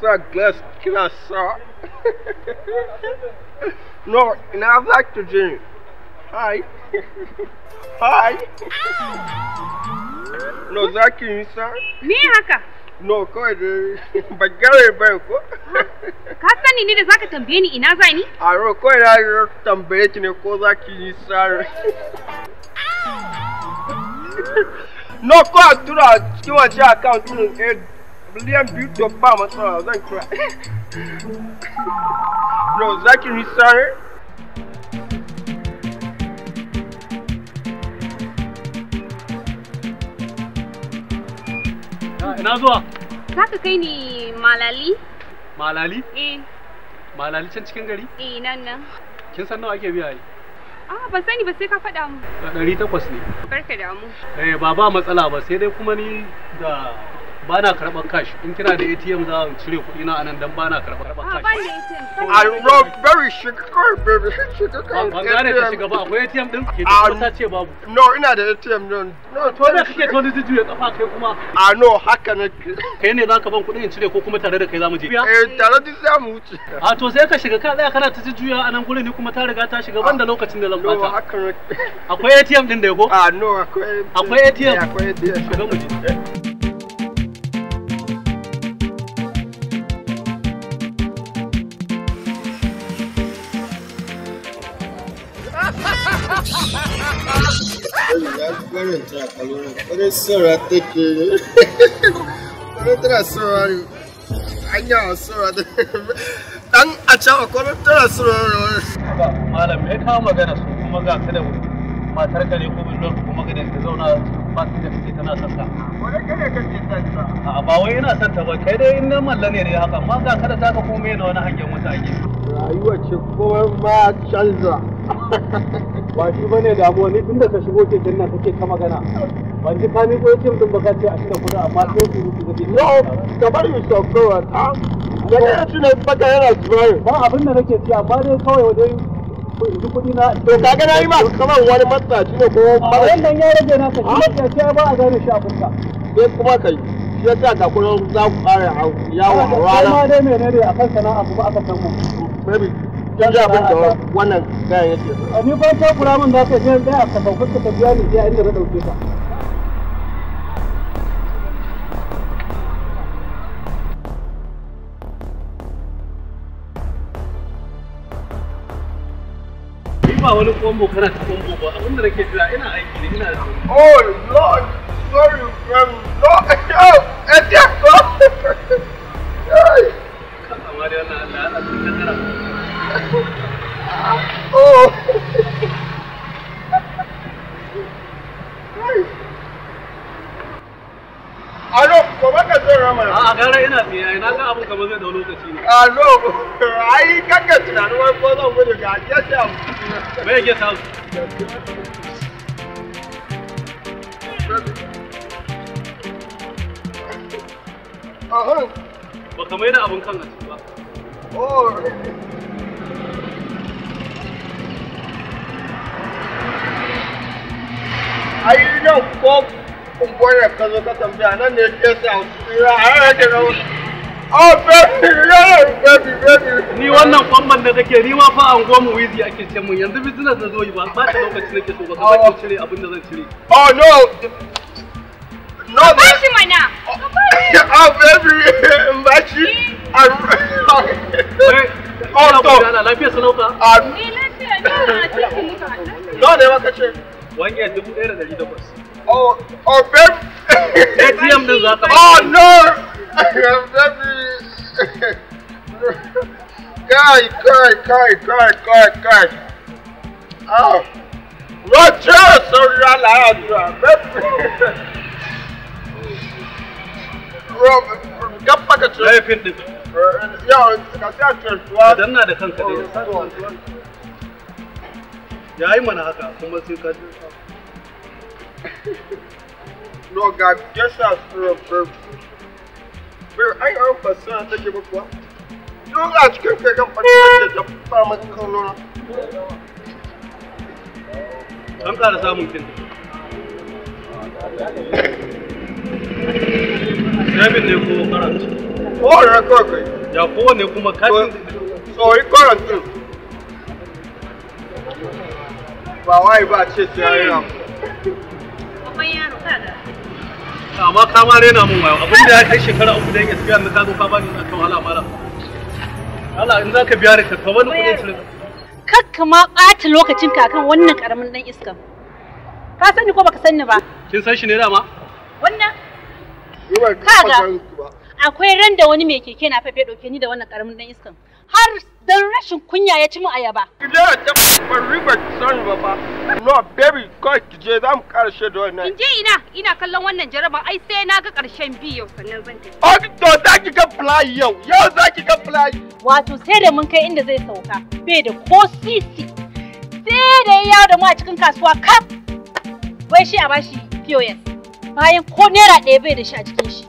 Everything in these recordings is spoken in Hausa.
só glass, no, in I like to drink. Hi. Hi. no, Zaki, sir. Me, Haka. No, kawai da uh, But bai ko. Ka sani ne da zaka tambaye ni ina za ni? A ro kawai da tambaye ki ne ko za ki yi sare. No, ko a tura cikin wace account ɗin miliyan biyu to ba matsala zan kira bro za ki risare ah, zuwa za ka kai ni malali malali eh malali can cikin gari eh nan nan kin san nawa ake biya yi Ah, ban sani ba sai ka faɗa mu. Ɗari takwas ne. Barka da mu. Eh, ba ba matsala ba sai dai kuma ni da bana na karɓar cash in kina da atm za a cire kuɗi na anan dan bana na karɓar cash i love very sugar car baby sugar car ban gane ka shiga ba akwai atm din ke ah, ta ce babu no ina da atm din no to da kike to da juya kafa kai kuma a ah, no haka ne kai ne zaka ban kuɗin in cire ko kuma tare da kai zamu je eh tare da za mu wuce a ah, to sai ka shiga ka tsaya kana ta juya anan gurin ni kuma ta riga ta shiga ban da lokacin da zan bata akwai atm din da yago a no akwai akwai atm eh, akwai atm shiga mu je eh. agbẹ́rẹ̀ tí a kà lórí ọdẹ sọ̀rọ̀ àtẹ̀kẹ̀rẹ̀ ọdẹ tẹ̀lé sọ̀rọ̀ rẹ̀ anya sọ̀rọ̀ da dan a can akwai tana sọ̀rọ̀ rẹ̀. malam me kawo magana su kuma ga ka da matar ka ne ko bin lord kuma ga da ka zauna ba ta da kake tana son wani kare kake ta. a ba wai ina son ta ba kai dai ina malla ne dai haka amma ga ka da taka komai na wani hangen mutane. rayuwa ce kowa ma canza. ba shi ba ne damuwa ni tun da ka shigo keken ta ke ta magana ban ji ka miƙo yakin din baka ce a cikin kuɗi amma sai su rufe gaji no ka bar yi shaukawa ta da ne ya tuna baka yana tsibirai ba abin da nake ci amma dai kawai wajen yanzu kuɗi na to ka na yi ma kamar wani shi ne ko mara wannan ya rage na ka shi ne sai ba a gane shi a fuska sai kuma kai shi ya sa ga kuɗin za ku ƙara yawon rana. Kuma dai menene a kan sana'a kuma aka san mu. Baby, duk abin da wannan gayan yake so ni ban ta kura min da ka je da ka sauka ka biya ni biya inda na dauke ka ba wani kombo kana ta kombo ba abin da nake jira ina aiki ne ina da oh lord sorry friend lord help help na Allah Allah Allah oh. Alo, ko baka rama? A gara ina tsaye, na ga abun kamar zai dau lokaci ne. Alo, ai kanka tunanin wai ko zan gudu ga abu. Me yake sa? Aha. Ba kamar yana abun kan a ba. Oh. ai yau ko kumbuwar da ka zo ka tambaya nan ne ke sa a yake na Oh baby, yeah, baby, baby. Ni wannan kwamban da kake ni ma fa an mu wizi ake ce mun yanzu business na zo yi ba ba ta da nake so ba ka cire abin da zan cire. Oh no. No. Ba shi mana. Oh baby, ba shi. Eh. Oh to. Ah. Ni eh, lafiya ne ce. Wanya dubu ɗaya da ɗari takwas. Oh, oh, babe. ATM din za ka ba. Oh, no. Kai, kai, kai, kai, kai, kai. Ah. ce laifin din yau ga sai a da dai oh, ya yi mana haka kuma sai ka ji no ga gesa bir ai a fasara take ba kuwa duk a cikin kai kan fasara da dabba maka kallon an ƙara samun kin Jabin ne a karanta? You're kawai kai. Ya kowane kuma kan. Sorry, karanta. ba wai ba ce ce ya babban yaro amma ka ma rena mun wayo abin da ya kai shekara uku da yake tafiya na ka zo ka bani na kawala mara Allah in zaka biya ni ka kawo ni kudin cire kakka ma ɓata lokacin kakan wannan karamin dan iskan ka sani ko baka sani ba kin san shi ne dama wannan kaga akwai ran da wani mai keke na fafe dauke ni da wannan karamin dan iskan har Don rashin kunya ya ci mu ayaba. Idan a ta riba ki sani ba ba. No baby kawai ki je za mu karshe da wannan. In je ina ina kallon wannan jaraba ai sai na ga karshen bi yau sannan zan tafi. Oh to za ki ga fly yau yau za ki ga fly. Wato sai da mun kai inda zai sauka bai da ko sisi. Sai da ya yawo da mu a cikin kasuwa kaf. Wai shi a bashi POS. Bayan ko naira ɗaya bai da shi a cikin shi.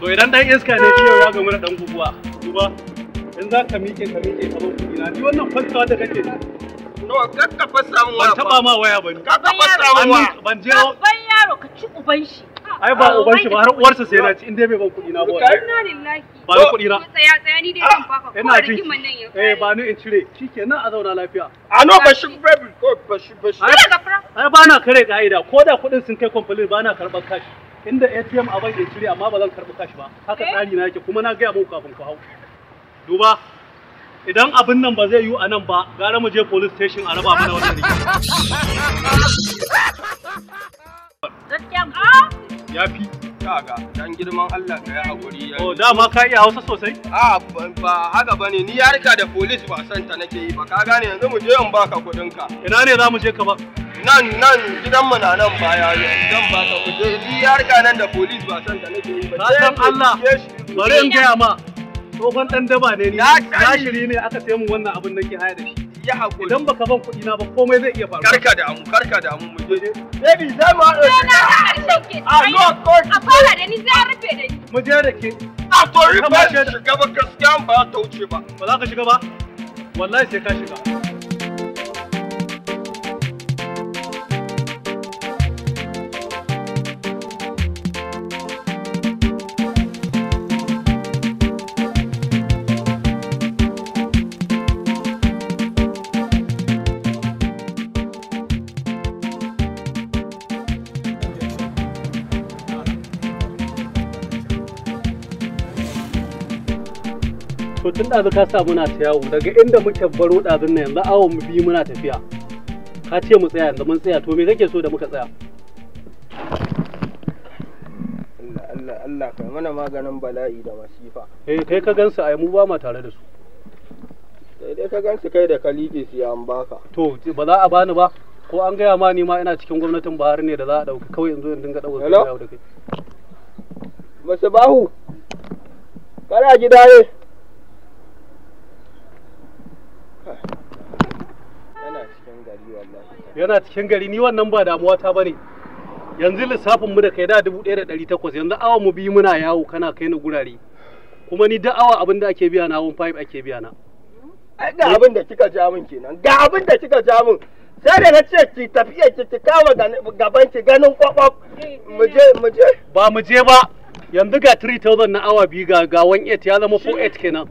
To idan dan iska ne yau ya gamu da dan guguwa. Duba. in za ka miƙe ka miƙe ka zo na ni wannan fasa da kake no kakka fasa mu ban taba ma waya bane kakka fasa mu wa ban je ban yaro ka ci uban shi ai ba uban shi ba har uwarsa sai na in dai bai ban kuɗi na ba inna lillahi ba ni kuɗi na tsaya tsaya ni dai zan ah, baka ko da kiman nan ya eh ba ni in cire nan a zauna lafiya a ah, no ba baby ko ba shi ba shi ai ba na kare ka'ida ko da kuɗin sun kai complete ba na karɓar kashi inda ATM a bai cire amma ba zan karɓi kashi ba haka eh? tsari na yake kuma na gaya muku kafin ku hau duba idan abin nan ba zai yiwu a nan ba gara mu je police station a raba mana wannan rikici ah! ya fi kaga dan girman Allah ka yi hakuri ya oh dama ka iya Hausa sosai a ba haka bane ni ya rika da police ba san ta nake yi ba ka gane yanzu mu je in baka kudin ka ina ne za mu je ka ba nan nan gidan mu na nan baya dan baka kudin ni ya rika nan da police ba san ta nake yi ba san Allah bari in gaya ma tsohon ɗan daba ne ni zashiri ne aka sai mun wannan abin nake haya da shi ya hakuri idan baka ban kuɗi na ba komai zai iya faruwa karka da amu karka da amu mu je baby za mu haɗa shi na karshen ke a ah, no course a fara da ni zai rufe da ni mu je da ke a ah, to rufe shiga ba gaskiya ba ta wuce ba ba za ka shiga ba wallahi sai ka shiga to tun ɗazu ka sa muna ta yawo daga inda muke baro ɗazun na yanzu awo mu biyu muna tafiya ka ce mu tsaya yanzu mun tsaya to me kake so da muka tsaya Allah Allah Allah kai mana maganin bala'i da masifa eh kai ka gansu ai mu ba ma tare da su sai dai ka gansu kai da kalike su ya baka to ba za a bani ba ko an gaya ma ni ma ina cikin gwamnatin bahar ne da za a ɗauki kawai in zo in dinga dauka da kai Masu bahu kana gida ne yana cikin gari ni wannan ba damuwa ta bane yanzu lissafin mu da kai da dubu da takwas yanzu awa mu biyu muna yawo kana kai na gurare kuma ni da awa abin da ake biya na wani five ake biya na ga abin da kika ja min kenan ga abin da kika ja min sai da na ce ki tafiya ki ki kama gaban ki ganin kwakwak mu je mu je ba mu je ba yanzu ga 3000 na awa biyu ga ga 18 ya zama 48 kenan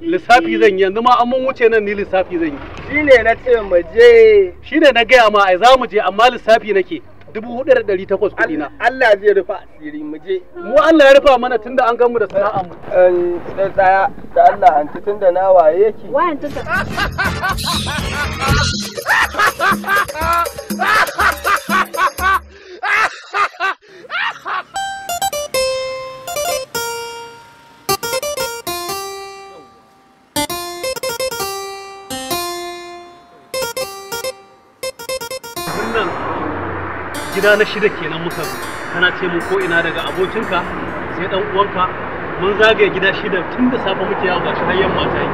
lissafi zan yi yanzu ma an mun wuce nan ni lissafi zan yi shine na ce mu je shine na gaya ma ai za mu je amma lissafi nake dubu hudu da dari takwas kuɗi na. Allah zai rufa asiri mu je. Mu Allah ya rufa mana tunda an gan mu da sana'a mu. Ɗan tsaya da Allah hanci tunda na waye ki. Wayan tunda. gida na shida kenan muka kana ce mun ko ina daga abokinka sai dan uwanka mun zagaye gida shida tun da safe muke yawo gashi har yamma ta yi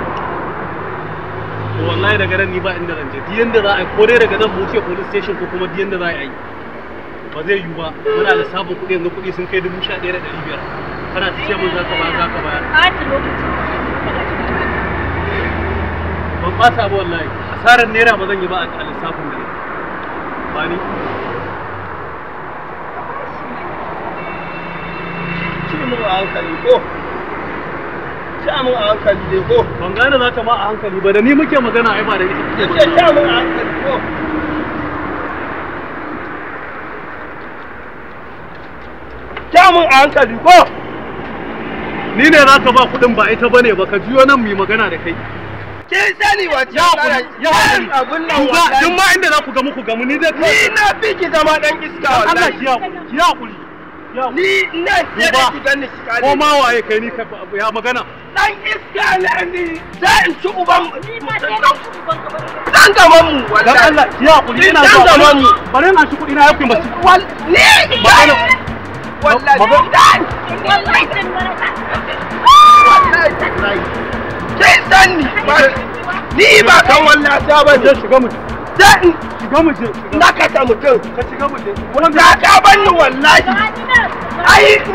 to wallahi daga nan ni ba inda zan je duk yanda za a yi ko dai daga nan mu police station ko kuma duk yanda za a yi ba zai yiwu ba muna lissafin kuɗi yanzu kuɗi sun kai dubu sha ɗaya da ɗari biyar kana ta ce mun za ka ba za ka bayar ban ɓata ba wallahi asarar naira ba zan yi ba a lissafin da ba ni mun a hankali ko sha mun a hankali dai ko ban gane za ka ma a hankali ba da ni muke magana ai ba da ni ce sha mun a hankali ko sha mun a hankali ko ni ne za ka ba kuɗin ba ita bane ba ka jiyo nan mu yi magana da kai kin sani wa ya ya abun nan wallahi duk ma inda za ku ga muku gamu ni dai ni na fi ki zama dan iska wallahi Allah ki ya ki ya ni ina ce da ki ganni shi ko ma waye kai ni ya magana dan iska ne ni sai in ci uban ni ma sai na ci uban ka dan gaban mu dan Allah ya kuli ina zuwa dan gaban mu na kudi na wal ni wallahi dan wallahi dan wallahi kai sanni ni ba kan wallahi ta ba shiga mutum dan shiga mutum na ka ta mutum ka shiga mutum wannan ka wallahi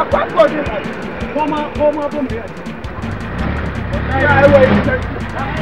àpapọ̀ ni wọ́n máa bọ̀ mí ẹ̀. ẹ̀ wọ ìṣẹ́jú.